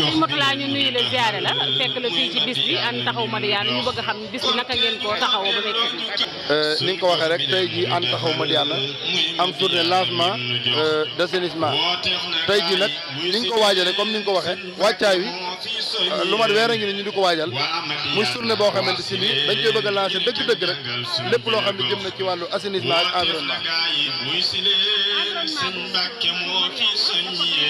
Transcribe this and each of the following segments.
sëñ Mourtalla ñu nuyu la ziare la fekk la fii ci bis bi ànd a xam bis bi naka ngeen koo taxawoo ba nekk fii. Euh, ni nga ko waxee rek tey euh, comme ni ko waxee wàccaay wi euh, a ñu di ko waajal muy journée boo xamante si nii dañ koy bëgg a lancer dëgg-dëgg rek lépp loo xam ne jëm na ci wàllu assainissement ak environnement.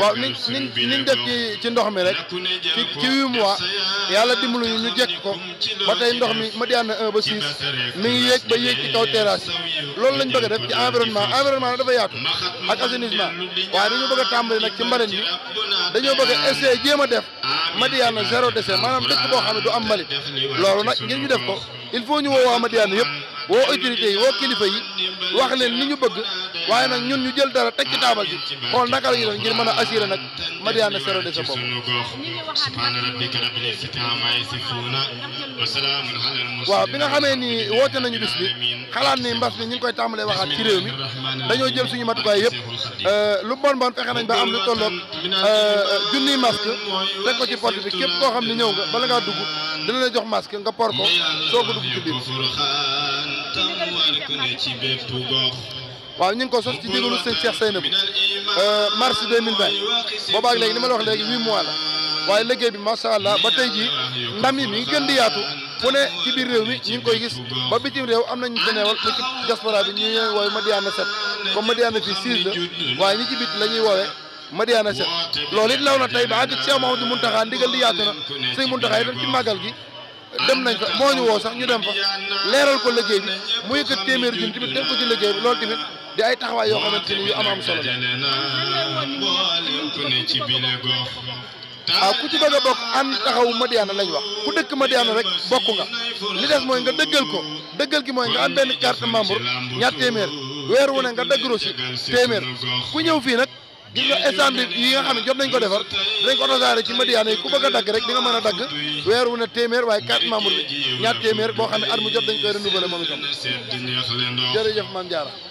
waaw ni ni niñ def ci ci ndox mi rek ci ci huit mois yàlla dimbalu ñu ñu jekk ko ba tey ndox mi ma Madiyana 1 ba 6 mi ngi yéeg ba yéeg ci kaw terrasse yi loolu lañ bëgg a def ci environnement environnement nag dafa yaatu ak assainissement waaye dañu bëgg tàmbali nag ci mbalit mi dañoo bëgg a essayer jéem a def Madiyana zéro déchet maanaam dëkk boo xam ne du am mbalit loolu nag ngir ñu def ko il faut ñu woo waa Madiyana yëpp woo autorités yi woo kilifa yi wax leen li ñu bëgg waaye nag ñun ñu jël dara teg ci taabal ji xool naka la ñuy def ngir mën a assurer nag Madiyana zéro déchet boobu. waaw bi nga xamee ni woote nañu bis bi xalaat ni mbas bi ñu ngi koy tàmbalee waxaat ci réew mi dañoo jël suñu matukaay yëpp euh, lu bon bon fexe nañ ba am lu tolloog euh, junniy masque teg ko ci porte bi képp koo xam ne ñëw nga bala ngaa dugg dina jox masque nga por ko soog yóbbu furxaan tam war ku ne ci bépp gox waaw ñu ngi ko sos ci ndigalu sëñ Cheikh Seynabou euh, mars 2020 boobaag léegi li ma la wax léegi huit mois la waaye liggéey bi macha allah ba tey jii ndam yi mi ngi gën di yaatu fu ne ci biir réew mi ñu ngi koy gis ba bitim réew am nañu geneewal ci diaspora bi ñu ñooy woowe Madiana set comme Madiana fii six la waaye ñi ci bit la ñuy woowee Madiana set lool it law na tey ba àgg Cheikh Mahamadou Mountakha ndigal di yaatu na sëñ Mountakha yi ci màggal gi dem nañ fa moo ñu woo sax ñu dem fa leeral ko liggéey bi mu yëkkat téeméeri junni tamit def ko ci liggéey bi loolu di ay taxawaay yoo xamante ni yu am am solo la waaw ah, ku ci bëgg a bokk ànd taxawu Madiyana lañ wax ku dëkk Madiyana rek bokk nga li des mooy nga dëggal ko dëggal gi mooy nga am benn carte membre ñaar téeméer weer wu ne nga dëgg rosi téeméer ku ñëw fii nag. gis nga instant bi yi nga xam ne jot nañ ko defar dinañ ko tasaare ci Madiyana yi ku bëgg a dagg rek di nga mën a dagg weer wu ne téeméer waaye quatre membre bi ñaar téeméer boo xam ne at mu jot dañ koy renouveler moom itam jërëjëf Mame Diarra